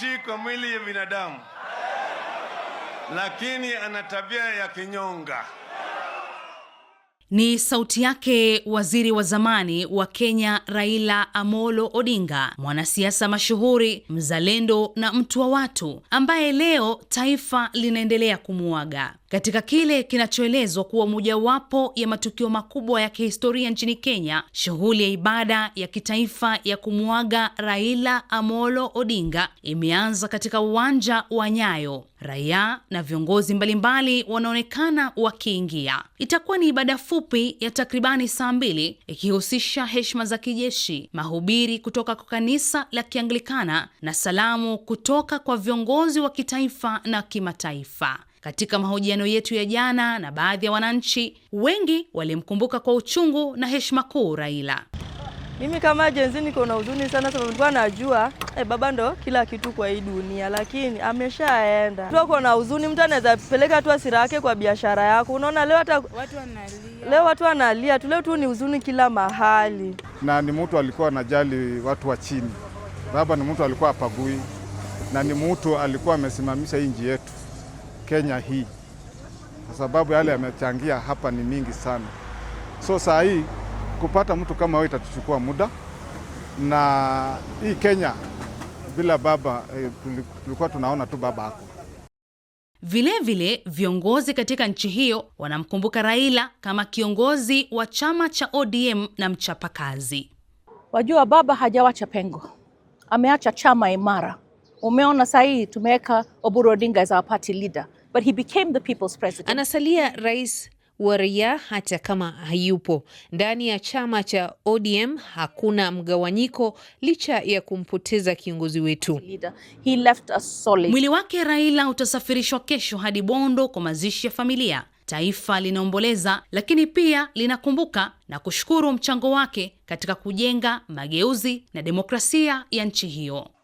anaishi kwa mwili ya binadamu, lakini ana tabia ya kinyonga. Ni sauti yake waziri wa zamani wa Kenya Raila Amolo Odinga, mwanasiasa mashuhuri, mzalendo na mtu wa watu, ambaye leo taifa linaendelea kumuaga katika kile kinachoelezwa kuwa mojawapo ya matukio makubwa ya kihistoria nchini Kenya, shughuli ya ibada ya kitaifa ya kumwaga Raila Amolo Odinga imeanza katika uwanja wa Nyayo. Raia na viongozi mbalimbali wanaonekana wakiingia. Itakuwa ni ibada fupi ya takribani saa mbili ikihusisha heshima za kijeshi, mahubiri kutoka kwa kanisa la Kianglikana na salamu kutoka kwa viongozi wa kitaifa na kimataifa. Katika mahojiano yetu ya jana na baadhi ya wananchi, wengi walimkumbuka kwa uchungu na heshima kuu Raila. Mimi kama jenzi niko na huzuni sana sababu nilikuwa najua eh, baba ndo kila kitu kwa hii dunia, lakini ameshaenda. Tuko na huzuni, mtu anaweza peleka tu asira yake kwa biashara yako. Unaona leo hata watu analia, leo watu wanalia tu, leo tu ni huzuni kila mahali. Na ni mtu alikuwa anajali watu wa chini, baba ni mtu alikuwa apagui, na ni mtu alikuwa amesimamisha hii nchi yetu. Kenya hii, kwa sababu yale yamechangia hapa ni mingi sana. So saa hii kupata mtu kama wewe itatuchukua muda, na hii Kenya bila baba eh, tulikuwa tunaona tu baba yako. Vilevile viongozi katika nchi hiyo wanamkumbuka Raila kama kiongozi wa chama cha ODM na mchapakazi. Wajua, baba hajawacha pengo, ameacha chama imara. Umeona sahii tumeweka Oburu Odinga as our party leader. But he became the people's president. Anasalia rais wa raia hata kama hayupo ndani ya chama cha ODM. Hakuna mgawanyiko licha ya kumpoteza kiongozi wetu. He left solid. Mwili wake Raila utasafirishwa kesho hadi Bondo kwa mazishi ya familia. Taifa linaomboleza lakini pia linakumbuka na kushukuru mchango wake katika kujenga mageuzi na demokrasia ya nchi hiyo.